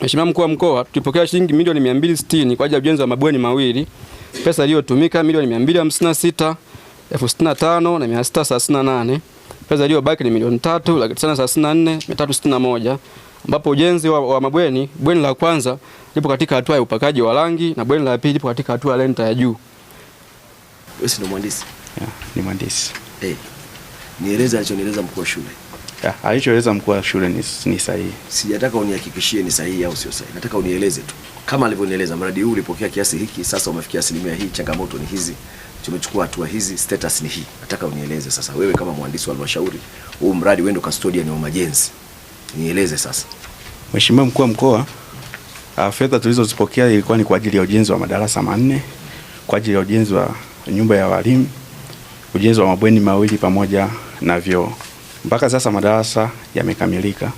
Mheshimiwa Mkuu wa Mkoa, tulipokea shilingi milioni 260 kwa ajili ya ujenzi wa mabweni mawili. Pesa iliyotumika milioni 256 na Pesa iliyobaki ni milioni tatu ambapo ujenzi wa, wa mabweni bweni la kwanza lipo katika hatua ya upakaji wa rangi na bweni la pili lipo katika hatua ya lenta ya juu. Wewe si ndo mhandisi? Yeah, ni mhandisi. Eh. Nieleze alichonieleza mkuu wa shule. Alichoeleza mkuu wa shule ni, ni sahihi. Sijataka unihakikishie ni sahihi au sio sahihi, nataka unieleze tu kama alivyonieleza, mradi huu ulipokea kiasi hiki, sasa umefikia asilimia hii, changamoto ni hizi, tumechukua hatua hizi, status ni hii. Nataka unieleze sasa, wewe kama mhandisi wa halmashauri, huu mradi wewe ndio custodian wa majenzi, nieleze sasa. Mheshimiwa mkuu wa mkoa, ah, fedha tulizozipokea ilikuwa ni kwa ajili ya ujenzi wa madarasa manne, kwa ajili ya ujenzi wa nyumba ya walimu, ujenzi wa mabweni mawili pamoja na vyoo. Mpaka sasa madarasa yamekamilika,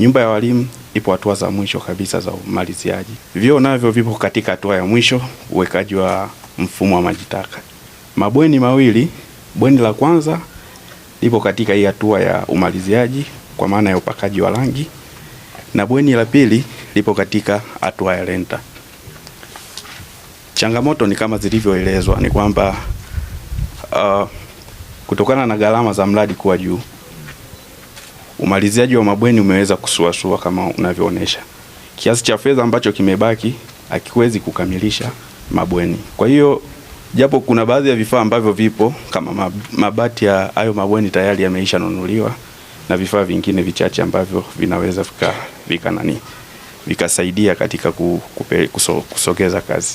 nyumba ya walimu ipo hatua za mwisho kabisa za umaliziaji, vyoo navyo vipo katika hatua ya mwisho uwekaji wa mfumo wa maji taka. Mabweni mawili, bweni la kwanza lipo katika hii hatua ya umaliziaji kwa maana ya upakaji wa rangi na bweni la pili lipo katika hatua ya renta. Changamoto ni kama zilivyoelezwa, ni kwamba uh, Kutokana na gharama za mradi kuwa juu, umaliziaji wa mabweni umeweza kusuasua kama unavyoonyesha. Kiasi cha fedha ambacho kimebaki hakiwezi kukamilisha mabweni. Kwa hiyo japo kuna baadhi ya vifaa ambavyo vipo kama mabati ya hayo mabweni tayari yameisha nunuliwa na vifaa vingine vichache ambavyo vinaweza vika, vika nani vikasaidia katika ku, kupe, kuso, kusogeza kazi.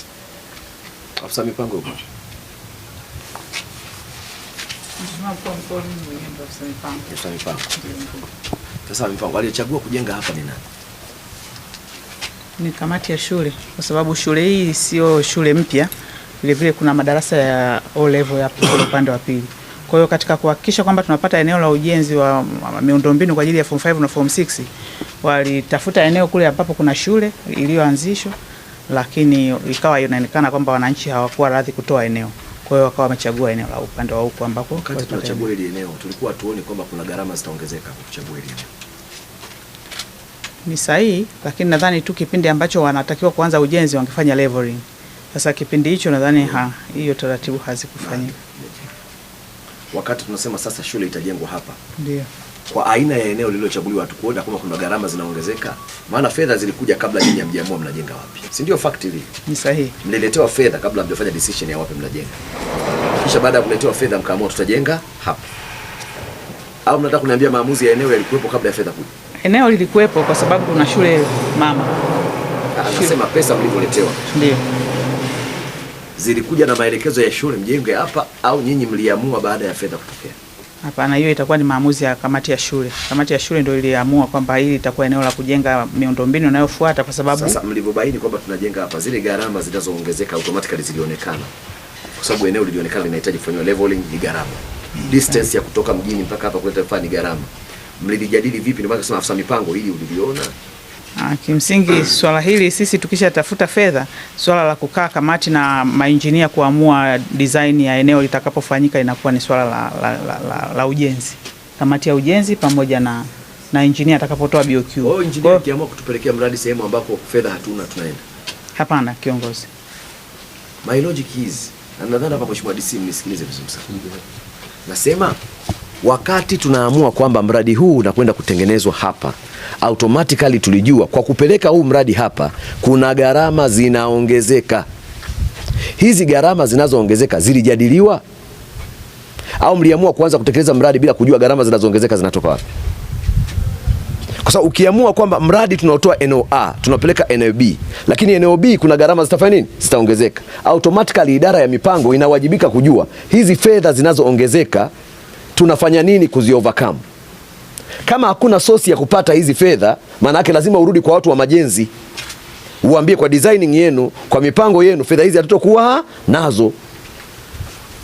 Afisa mipango afisa mipango. Sasa mipango kujenga hapa ni nani? Ni kamati ya shule, kwa sababu shule hii sio shule mpya, vilevile kuna madarasa ya O level hapo upande wa pili. Kwa hiyo katika kuhakikisha kwamba tunapata eneo la ujenzi wa miundombinu kwa ajili ya form 5 na form 6 walitafuta eneo kule ambapo kuna shule iliyoanzishwa, lakini ikawa inaonekana kwamba wananchi hawakuwa radhi kutoa eneo. Kwa hiyo wakawa wamechagua eneo la upande wa huko ambako wakati tunachagua hili eneo tulikuwa tuone kwamba kuna gharama zitaongezeka kuchagua hili eneo. Ni sahihi, lakini nadhani tu kipindi ambacho wanatakiwa kuanza ujenzi wangefanya leveling. Sasa kipindi hicho nadhani hiyo taratibu hazikufanyika wakati tunasema sasa shule itajengwa hapa. Ndio. Kwa aina ya eneo lililochaguliwa hatukuona kama kuna gharama zinaongezeka, maana fedha zilikuja kabla nyinyi hamjaamua mnajenga wapi, si ndio? Fact hili ni sahihi. Mliletewa fedha kabla mjafanya decision ya wapi mnajenga, kisha baada ya kuletewa fedha mkaamua tutajenga hapa, au mnataka kuniambia maamuzi ya eneo yalikuwepo kabla ya fedha kuja? Eneo lilikuwepo kwa sababu kuna shule mama. Ah, anasema pesa mlivyoletewa ndio zilikuja na maelekezo ya shule mjenge hapa au nyinyi mliamua baada ya fedha kutokea? Hapana, hiyo itakuwa ni maamuzi ya kamati ya shule. Kamati ya shule ndio iliamua kwamba hili itakuwa eneo la kujenga miundombinu inayofuata, kwa sababu sasa mlivyobaini kwamba tunajenga hapa, zile gharama zinazoongezeka automatically zilionekana, kwa sababu eneo lilionekana linahitaji kufanywa leveling, ni gharama mm-hmm. distance ya kutoka mjini mpaka hapa kuleta ni gharama. Mlilijadili vipi? Ndio maana nasema afisa mipango, hili uliliona Ah, kimsingi swala hili sisi tukisha tafuta fedha, swala la kukaa kamati na mainjinia kuamua design ya eneo litakapofanyika inakuwa ni swala la, la, la, la, la ujenzi, kamati ya ujenzi pamoja na na injinia atakapotoa BOQ. Oh, injinia akiamua kutupelekea mradi sehemu ambako fedha hatuna tunaenda. Hapana, kiongozi. My logic is, na nadhani hapa Mheshimiwa DC mnisikilize vizuri sana. Nasema wakati tunaamua kwamba mradi huu unakwenda kutengenezwa hapa, automatically tulijua kwa kupeleka huu mradi hapa kuna gharama zinaongezeka. Hizi gharama zinazoongezeka zilijadiliwa au mliamua kuanza kutekeleza mradi bila kujua gharama zinazoongezeka zinatoka wapi? Kwa sababu ukiamua kwamba mradi tunaotoa eneo A tunapeleka eneo B, lakini eneo B kuna gharama zitafanya nini? Zitaongezeka automatically. Idara ya mipango inawajibika kujua hizi fedha zinazoongezeka tunafanya nini kuzi overcome? Kama hakuna sosi ya kupata hizi fedha, maana yake lazima urudi kwa watu wa majenzi, uambie kwa designing yenu, kwa mipango yenu, fedha hizi hatutokuwa nazo,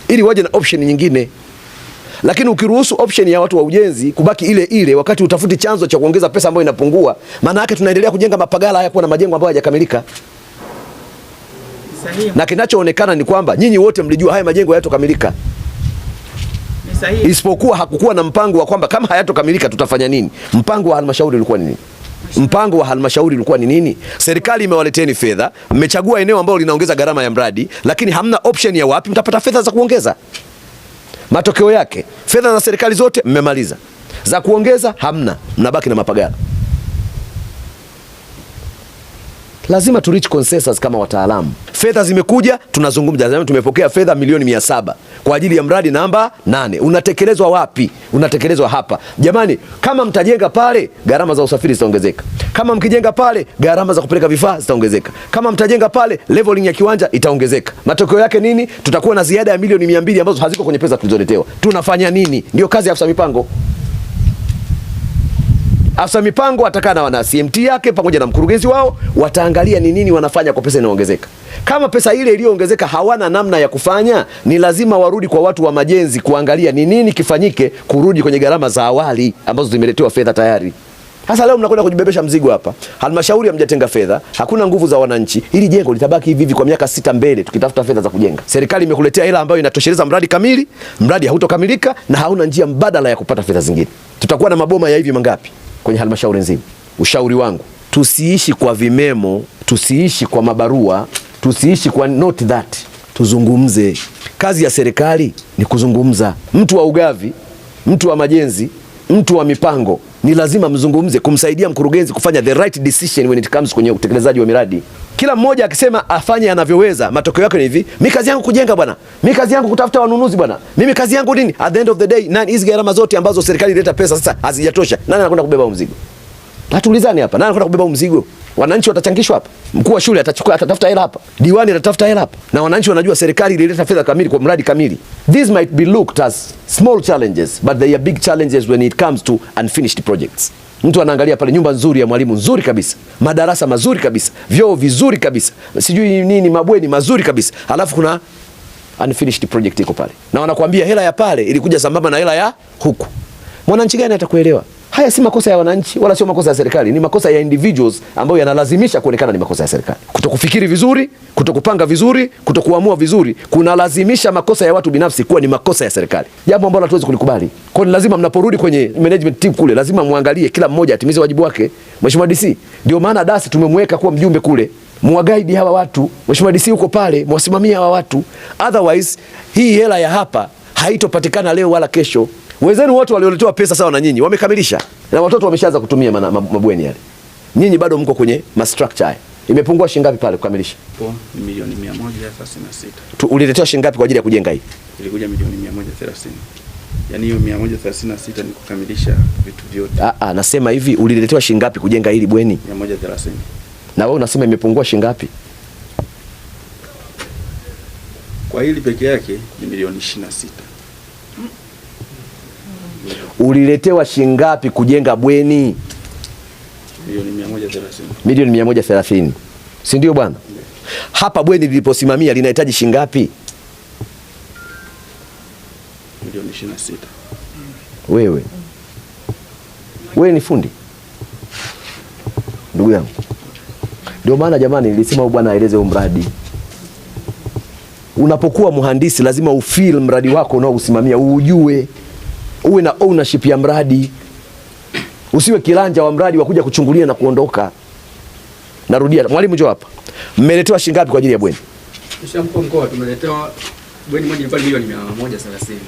ili waje na option nyingine. Lakini ukiruhusu option ya watu wa ujenzi kubaki ile ile, wakati utafuti chanzo cha kuongeza pesa ambayo inapungua, maana yake tunaendelea kujenga mapagala haya kwa na majengo ambayo hayajakamilika na kinachoonekana ni kwamba nyinyi wote mlijua haya majengo hayatokamilika isipokuwa hakukuwa na mpango wa kwamba kama hayatokamilika tutafanya nini. Mpango wa halmashauri ulikuwa ni nini? Mpango wa halmashauri ulikuwa ni nini? Serikali imewaleteni fedha, mmechagua eneo ambalo linaongeza gharama ya mradi, lakini hamna option ya wapi mtapata fedha za kuongeza. Matokeo yake fedha za serikali zote mmemaliza, za kuongeza hamna, mnabaki na mapagala. Lazima tu reach consensus kama wataalamu. Fedha zimekuja, tunazungumza, tumepokea fedha milioni mia saba kwa ajili ya mradi namba nane unatekelezwa wapi? Unatekelezwa hapa. Jamani, kama mtajenga pale, gharama za usafiri zitaongezeka. Kama mkijenga pale, gharama za kupeleka vifaa zitaongezeka. Kama mtajenga pale, leveling ya kiwanja itaongezeka. Matokeo yake nini? Tutakuwa na ziada ya milioni mia mbili ambazo haziko kwenye pesa tulizoletewa. Tunafanya nini? Ndio kazi ya afisa mipango afisa mipango atakaa na wana CMT yake pamoja na mkurugenzi wao, wataangalia ni nini wanafanya kwa pesa inaongezeka. Kama pesa ile iliyoongezeka hawana namna ya kufanya, ni lazima warudi kwa watu wa majenzi kuangalia ni nini kifanyike, kurudi kwenye gharama za awali ambazo zimeletewa fedha tayari. Sasa leo mnakwenda kujibebesha mzigo hapa. Halmashauri hamjatenga fedha, hakuna nguvu za wananchi. Hili jengo litabaki hivi hivi kwa miaka sita mbele tukitafuta fedha za kujenga. Serikali imekuletea hela ambayo inatosheleza mradi kamili, mradi hautokamilika na hauna njia mbadala ya kupata fedha zingine. Tutakuwa na maboma ya hivi mangapi? kwenye halmashauri nzima. Ushauri wangu tusiishi kwa vimemo, tusiishi kwa mabarua, tusiishi kwa not that, tuzungumze. Kazi ya serikali ni kuzungumza. Mtu wa ugavi, mtu wa majenzi, mtu wa mipango, ni lazima mzungumze kumsaidia mkurugenzi kufanya the right decision when it comes kwenye utekelezaji wa miradi kila mmoja akisema afanye anavyoweza, matokeo yake ni hivi: Mimi kazi yangu kujenga bwana, mimi kazi yangu kutafuta wanunuzi bwana, mimi kazi yangu nini? At the end of the day, nani hizi gharama zote ambazo serikali ileta pesa sasa hazijatosha, nani anakwenda kubeba mzigo? Natuulizane hapa, nani anakwenda kubeba mzigo? Wananchi watachangishwa hapa, mkuu wa shule atachukua, atatafuta hela hapa, diwani atatafuta hela hapa, na wananchi wanajua serikali ilileta fedha kamili kwa mradi kamili. These might be looked as small challenges but they are big challenges when it comes to unfinished projects. Mtu anaangalia pale nyumba nzuri ya mwalimu nzuri kabisa, madarasa mazuri kabisa, vyoo vizuri kabisa, sijui nini, mabweni mazuri kabisa, alafu kuna unfinished project iko pale, na wanakuambia hela ya pale ilikuja sambamba na hela ya huku. Mwananchi gani atakuelewa? Haya si makosa ya wananchi wala sio makosa ya serikali, ni makosa ya individuals ambayo yanalazimisha kuonekana ni makosa ya serikali. Kutokufikiri vizuri, kutokupanga vizuri, kutokuamua vizuri kunalazimisha makosa ya watu binafsi kuwa ni makosa ya serikali, jambo ambalo hatuwezi kulikubali. Kwa hiyo lazima mnaporudi kwenye management team kule, lazima muangalie kila mmoja atimize wajibu wake. Mheshimiwa DC, ndio maana dasi tumemweka kuwa mjumbe kule muwagaidi hawa watu. Mheshimiwa DC huko pale, mwasimamia hawa watu, otherwise hii hela ya hapa haitopatikana leo wala kesho. Wenzenu wote walioletewa pesa sawa na nyinyi wamekamilisha na watoto wameshaanza kutumia mabweni yale, nyinyi bado mko kwenye mastructure haya. Imepungua shilingi ngapi pale kukamilisha? Kwa milioni 136. Tu uliletewa shilingi ngapi kwa ajili ya kujenga hii? Ilikuja milioni 130. Yaani hiyo 136 ni kukamilisha vitu vyote. Ah ah, nasema hivi uliletewa shilingi ngapi kujenga hili bweni? 130. Na wewe unasema imepungua shilingi ngapi? Kwa hili peke yake ni milioni 26 uliletewa shingapi kujenga bweni? Milioni 130, si ndio bwana? Hapa bweni liliposimamia linahitaji shingapi? Milioni 26. Wewe wewe ni fundi ndugu yangu, ndio maana jamani, nilisema huyu bwana aeleze huu mradi. Unapokuwa mhandisi, lazima ufeel mradi wako unaousimamia uujue uwe na ownership ya mradi, usiwe kiranja wa mradi wa kuja kuchungulia na kuondoka. Narudia, mwalimu njoo hapa. Mmeletewa shilingi ngapi kwa ajili ya bweni?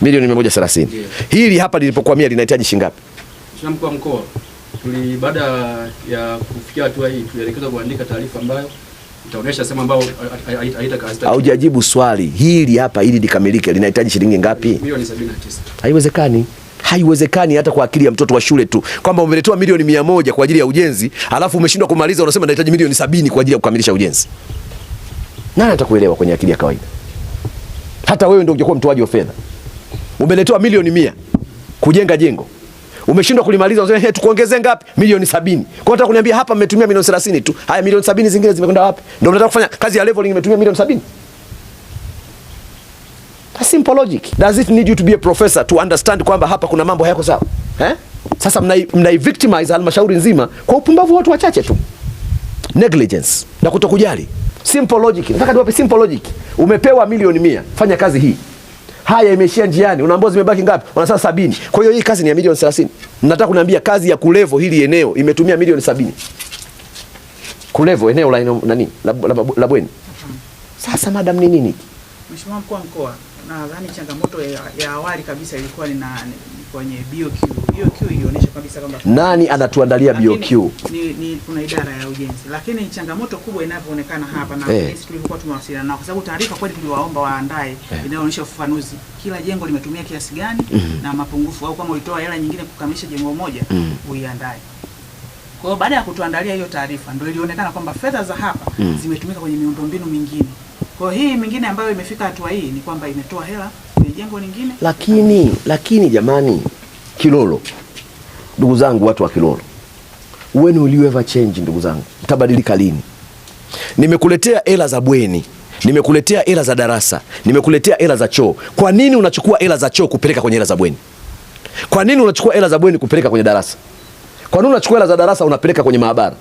Milioni 130. Hili hapa lilipokwamia linahitaji shilingi ngapi? Mheshimiwa Mkuu wa Mkoa, tuli baada ya kufikia hatua hii tulielekezwa kuandika taarifa ambayo itaonyesha sema ambayo haitakaa. Haujajibu swali hili hapa, ili likamilike linahitaji shilingi ngapi? Milioni 79. Haiwezekani haiwezekani hata kwa akili ya mtoto wa shule tu, kwamba umeletewa milioni mia moja kwa ajili ya ujenzi alafu umeshindwa kumaliza, unasema nahitaji milioni sabini kwa ajili ya kukamilisha ujenzi. Nani atakuelewa kwenye akili ya kawaida? Hata wewe ndio ungekuwa mtoaji wa fedha, umeletewa milioni mia kujenga jengo umeshindwa kulimaliza, unasema hey, tukuongezee ngapi? Milioni sabini. Kwa hiyo nataka kuniambia hapa mmetumia milioni thelathini tu, haya milioni sabini zingine zimekwenda wapi? Ndio mnataka kufanya kazi ya leveling, imetumia milioni sabini. A simple logic. Does it need you to be a professor to understand kwamba hapa kuna mambo hayako sawa? Eh? Sasa mnai, mnai victimize halmashauri nzima kwa upumbavu watu wachache tu. Negligence na kutokujali. Simple logic. Nataka niwape simple logic. Umepewa milioni mia, fanya kazi hii. Haya imeshia njiani. Unaambiwa zimebaki ngapi? Wanasema sabini. Kwa hiyo hii kazi ni ya milioni 30. Nataka kuniambia kazi ya kulevo hili eneo imetumia milioni sabini. Kulevo eneo la nani? La, la, la, la, la bweni. Sasa madam ni nini? Mheshimiwa mkuu wa mkoa nadhani changamoto ya, ya awali kabisa ilikuwa ni kwenye BOQ. BOQ ilionyesha kabisa kwamba nani anatuandalia BOQ ni, ni kuna idara ya ujenzi, lakini changamoto kubwa inavyoonekana hapa na eh, sisi tulikuwa tumewasiliana nao, kwa sababu taarifa kweli tuliwaomba waandae eh, inayoonyesha ufafanuzi kila jengo limetumia kiasi gani mm -hmm. na mapungufu au kama ulitoa hela nyingine kukamilisha jengo moja mm -hmm. uiandae kwa hiyo baada ya kutuandalia hiyo taarifa ndio ilionekana kwamba fedha za hapa mm. zimetumika kwenye miundombinu mingine kwa hii mingine ambayo imefika hatua hii ni kwamba imetoa hela ni jengo lingine, lakini lakini jamani, Kilolo, ndugu zangu, watu wa Kilolo, when will you ever change? Ndugu zangu, mtabadilika lini? Nimekuletea hela za bweni, nimekuletea hela za darasa, nimekuletea hela za choo. Kwa nini unachukua hela za choo kupeleka kwenye hela za bweni? Kwa nini unachukua hela za bweni kupeleka kwenye darasa? Kwa nini unachukua hela za darasa unapeleka kwenye maabara?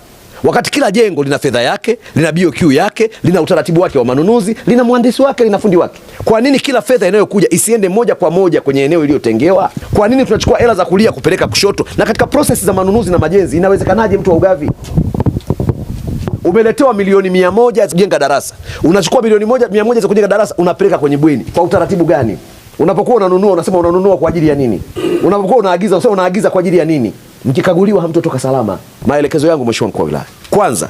wakati kila jengo lina fedha yake, lina BOQ yake, lina utaratibu wake wa manunuzi, lina mhandisi wake, lina fundi wake. Kwa nini kila fedha inayokuja isiende moja kwa moja kwenye eneo iliyotengewa? Kwa nini tunachukua hela za kulia kupeleka kushoto? Na katika proses za manunuzi na majenzi, inawezekanaje mtu wa ugavi umeletewa milioni mia moja kujenga darasa, unachukua milioni moja, mia moja za kujenga darasa unapeleka kwenye bweni kwa utaratibu gani? Unapokuwa unanunua unasema unanunua kwa ajili ya nini? Unapokuwa unaagiza unasema unaagiza kwa ajili ya nini? mkikaguliwa hamtotoka salama. Maelekezo yangu Mheshimiwa Mkuu wa Wilaya, kwanza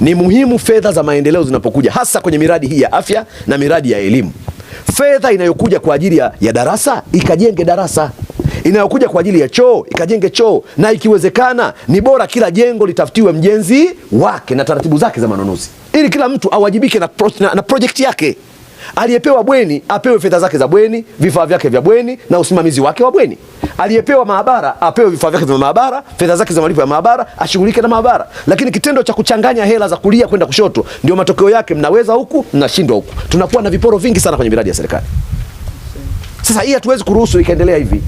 ni muhimu fedha za maendeleo zinapokuja, hasa kwenye miradi hii ya afya na miradi ya elimu, fedha inayokuja kwa ajili ya, ya darasa ikajenge darasa inayokuja kwa ajili ya choo ikajenge choo, na ikiwezekana ni bora kila jengo litafutiwe mjenzi wake na taratibu zake za manunuzi, ili kila mtu awajibike na, pro, na, na projekti yake. Aliyepewa bweni apewe fedha zake za bweni, vifaa vyake vya bweni na usimamizi wake wa bweni. Aliyepewa maabara apewe vifaa vyake vya maabara, fedha zake za malipo ya maabara, ashughulike na maabara. Lakini kitendo cha kuchanganya hela za kulia kwenda kushoto, ndio matokeo yake, mnaweza huku mnashindwa huku. Tunakuwa na viporo vingi sana kwenye miradi ya serikali. Sasa hii hatuwezi kuruhusu ikaendelea hivi.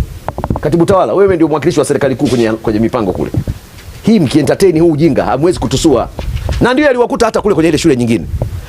Katibu tawala, wewe ndio mwakilishi wa serikali kuu kwenye, kwenye mipango kule. Hii mkientertain huu ujinga hamwezi kutusua, na ndio aliwakuta hata kule kwenye ile shule nyingine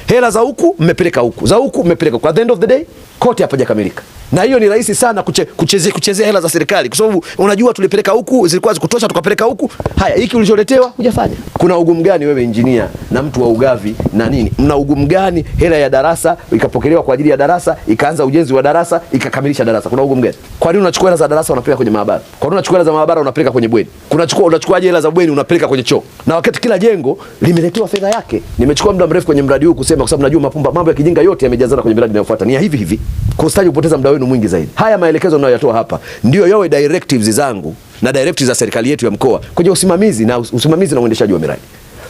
hela za huku mmepeleka huku, za huku mmepeleka huku, the end of the day kote hapa jakamilika na hiyo ni rahisi sana kuche, kuchezea kucheze hela za serikali, kwa sababu unajua tulipeleka huku zilikuwa zikutosha, tukapeleka huku. Haya, hiki ulicholetewa hujafanya. Kuna ugumu gani wewe injinia na mtu wa ugavi na nini, mna ugumu gani? Hela ya darasa ikapokelewa kwa ajili ya darasa, ikaanza ujenzi wa darasa, ikakamilisha darasa, kuna ugumu gani? Kwa nini unachukua hela za darasa unapeleka kwenye maabara? Kwa nini unachukua hela za maabara unapeleka kwenye bweni? Kunachukua unachukuaje hela za bweni unapeleka kwenye choo, na wakati kila jengo limeletewa fedha yake? Nimechukua muda mrefu kwenye mradi huu kusema, kwa sababu najua mapumba mambo ya kijinga yote yamejazana kwenye miradi inayofuata ni ya hivi hivi kustaji kupoteza muda wenu mwingi zaidi. Haya maelekezo ninayoyatoa hapa ndio yawe directives zangu na directives za serikali yetu ya mkoa kwenye usimamizi na usimamizi na uendeshaji wa miradi.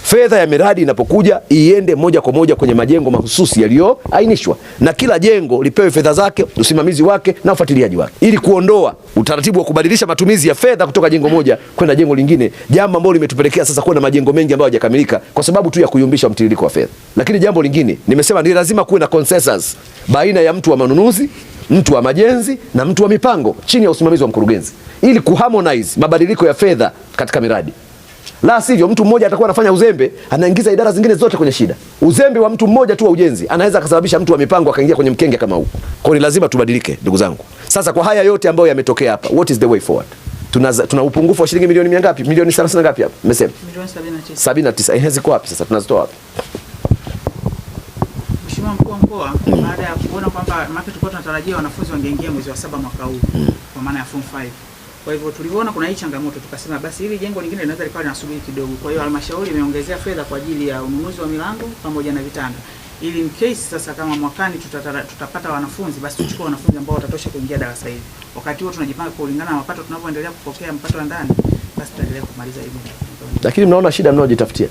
Fedha ya miradi inapokuja iende moja kwa moja kwenye majengo mahususi yaliyoainishwa, na kila jengo lipewe fedha zake, usimamizi wake na ufuatiliaji wake, ili kuondoa utaratibu wa kubadilisha matumizi ya fedha kutoka jengo moja kwenda jengo lingine, jambo ambalo limetupelekea sasa kuwa na majengo mengi ambayo hayajakamilika kwa sababu tu ya kuyumbisha mtiririko wa fedha. Lakini jambo lingine nimesema, ni lazima kuwe na consensus baina ya mtu wa manunuzi mtu wa majenzi na mtu wa mipango chini ya usimamizi wa mkurugenzi ili kuharmonize mabadiliko ya fedha katika miradi la sivyo mtu mmoja atakuwa anafanya uzembe, anaingiza idara zingine zote kwenye shida. Uzembe wa mtu mmoja tu wa ujenzi anaweza akasababisha mtu wa mipango akaingia kwenye mkenge kama huu. Kwa ni lazima tubadilike, ndugu zangu. Sasa kwa haya yote ambayo yametokea hapa, what is the way forward? Tuna, tuna upungufu wa shilingi milioni mia ngapi? Milioni 30 ngapi hapa? Mmesema milioni 79. 79 hizi ziko wapi sasa? Tunazitoa wapi? Mheshimiwa Mkuu wa Mkoa, mm. baada ya kuona kwamba maana tulikuwa tunatarajia wanafunzi wangeingia mwezi wa saba mwaka huu mm. kwa maana ya form 5 kwa hivyo tuliona kuna hii changamoto, tukasema basi hili jengo lingine linaweza likawa linasubiri kidogo. Kwa hiyo halmashauri imeongezea fedha kwa ajili ya ununuzi wa milango pamoja na vitanda, ili in case sasa kama mwakani tutatara, tutapata wanafunzi basi tuchukue wanafunzi ambao watatosha kuingia darasa hili. Wakati huo tunajipanga kulingana na mapato tunavyoendelea kupokea mapato ya ndani, basi tutaendelea kumaliza hili. Lakini mnaona shida mnaojitafutia,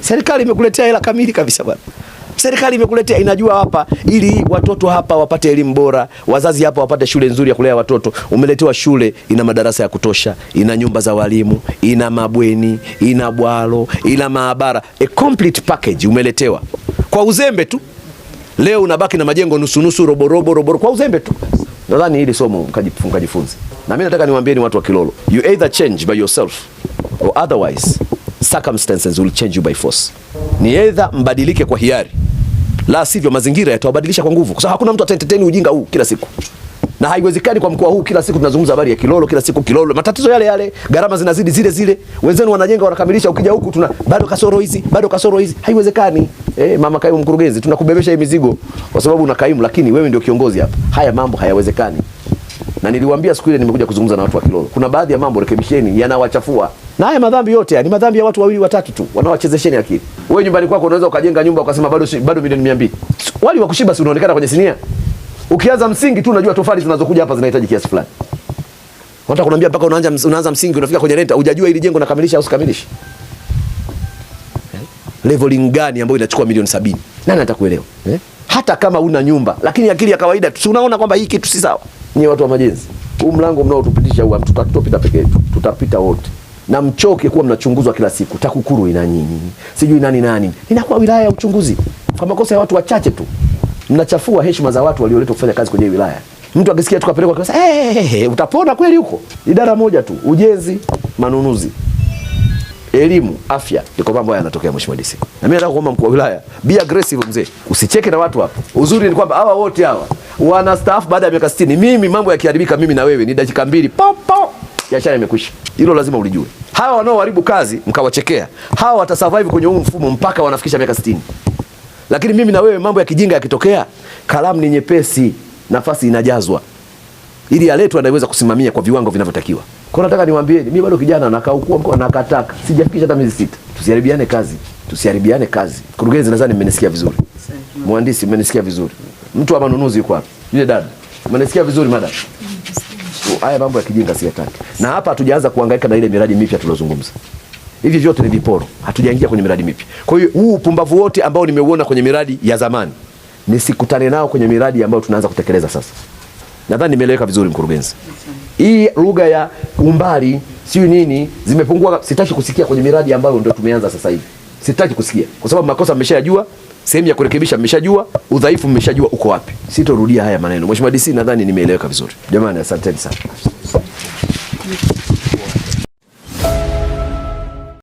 serikali imekuletea hela kamili kabisa bwana serikali imekuletea inajua hapa, ili watoto hapa wapate elimu bora, wazazi hapa wapate shule nzuri ya kulea watoto. Umeletewa shule, ina madarasa ya kutosha, ina nyumba za walimu, ina mabweni, ina bwalo, ina maabara, a complete package umeletewa kwa uzembe tu. Leo unabaki na majengo nusu nusu, robo robo robo, kwa uzembe tu. Nadhani hili somo mkajifunze, na mimi nataka niwaambie ni watu wa Kilolo, you either change by yourself or otherwise circumstances will change you by force. Ni either mbadilike kwa hiari la sivyo mazingira yatawabadilisha kwa nguvu, kwa sababu hakuna mtu atenteteni ujinga huu kila siku, na haiwezekani kwa mkoa huu kila siku tunazungumza habari ya Kilolo, kila siku Kilolo, matatizo yale yale, gharama zinazidi zile zile, wenzenu wanajenga wanakamilisha, ukija huku tuna bado kasoro hizi, bado kasoro hizi, haiwezekani. Eh, mama kaimu mkurugenzi, tunakubebesha hii mizigo kwa sababu una kaimu, lakini wewe ndio kiongozi hapa. Haya mambo hayawezekani, na niliwaambia siku ile nimekuja kuzungumza na watu wa Kilolo, kuna baadhi ya mambo rekebisheni, yanawachafua na haya madhambi yote ni madhambi ya watu wawili watatu tu, wanaochezesheni akili. Wewe nyumbani kwako unaweza ukajenga nyumba ukasema bado bado milioni 200. Wali wa kushiba si unaonekana kwenye sinia. Ukianza msingi tu unajua tofali zinazokuja hapa zinahitaji kiasi fulani. Hata kunaambia mpaka unaanza unaanza msingi unafika kwenye renta, hujajua ili jengo nakamilisha au sikamilishi. Eh? Leveling gani ambayo inachukua milioni sabini? Nani atakuelewa? Eh? Hata kama una nyumba, lakini akili ya kawaida tu unaona kwamba hii kitu si sawa. Ni watu wa majenzi, huu mlango mnao tupitisha huu tutapita peke yetu, tutapita wote na mchoke kuwa mnachunguzwa kila siku, TAKUKURU ina nyinyi, sijui nani nani, inakuwa wilaya ya uchunguzi kwa makosa ya watu wachache tu. Mnachafua heshima za watu walioletwa kufanya kazi kwenye wilaya. Mtu akisikia tukapelekwa kwa sasa, hey, eh, eh, hey, eh, hey, utapona kweli huko? Idara moja tu, ujenzi, manunuzi, elimu, afya, ndiko mambo haya yanatokea, mheshimiwa DC. Na mimi nataka kuomba mkuu wa wilaya, be aggressive mzee, usicheke na watu hapo. Uzuri ni kwamba hawa wote hawa wanastaafu baada ya miaka 60. Mimi mambo yakiharibika, mimi na wewe ni dakika mbili, popo, biashara imekwisha. Hilo lazima ulijue hawa wanaoharibu kazi mkawachekea, hawa watasurvive kwenye huu mfumo mpaka wanafikisha miaka 60. Lakini mimi na wewe, mambo ya kijinga yakitokea, kalamu ni nyepesi, nafasi inajazwa ili aletwe anaweza kusimamia kwa viwango vinavyotakiwa. Kwa nataka niwaambieni, mimi bado kijana nakaukua mkoa nakataka, Sijafikisha hata miezi sita. Tusiharibiane kazi. Tusiharibiane kazi. Mkurugenzi nadhani mmenisikia vizuri. Mhandisi mmenisikia vizuri. Mtu wa manunuzi yuko hapa. Yule dada. Mmenisikia vizuri madam haya mambo ya kijinga siyataki, na hapa hatujaanza kuhangaika na ile miradi mipya tulozungumza. Hivi vyote ni viporo, hatujaingia kwenye miradi mipya. Kwa hiyo huu upumbavu wote ambao nimeuona kwenye miradi ya zamani nisikutane nao kwenye miradi ambayo tunaanza kutekeleza sasa. Nadhani nimeeleweka vizuri, mkurugenzi. Hii lugha ya umbali siyo nini zimepungua, sitaki kusikia kwenye miradi ambayo ndio tumeanza sasa hivi, sitaki kusikia kwa sababu makosa mmeshayajua sehemu ya kurekebisha mmeshajua, udhaifu mmeshajua uko wapi. Sitorudia haya maneno. Mheshimiwa DC, nadhani nimeeleweka vizuri. Jamani, asanteni sana.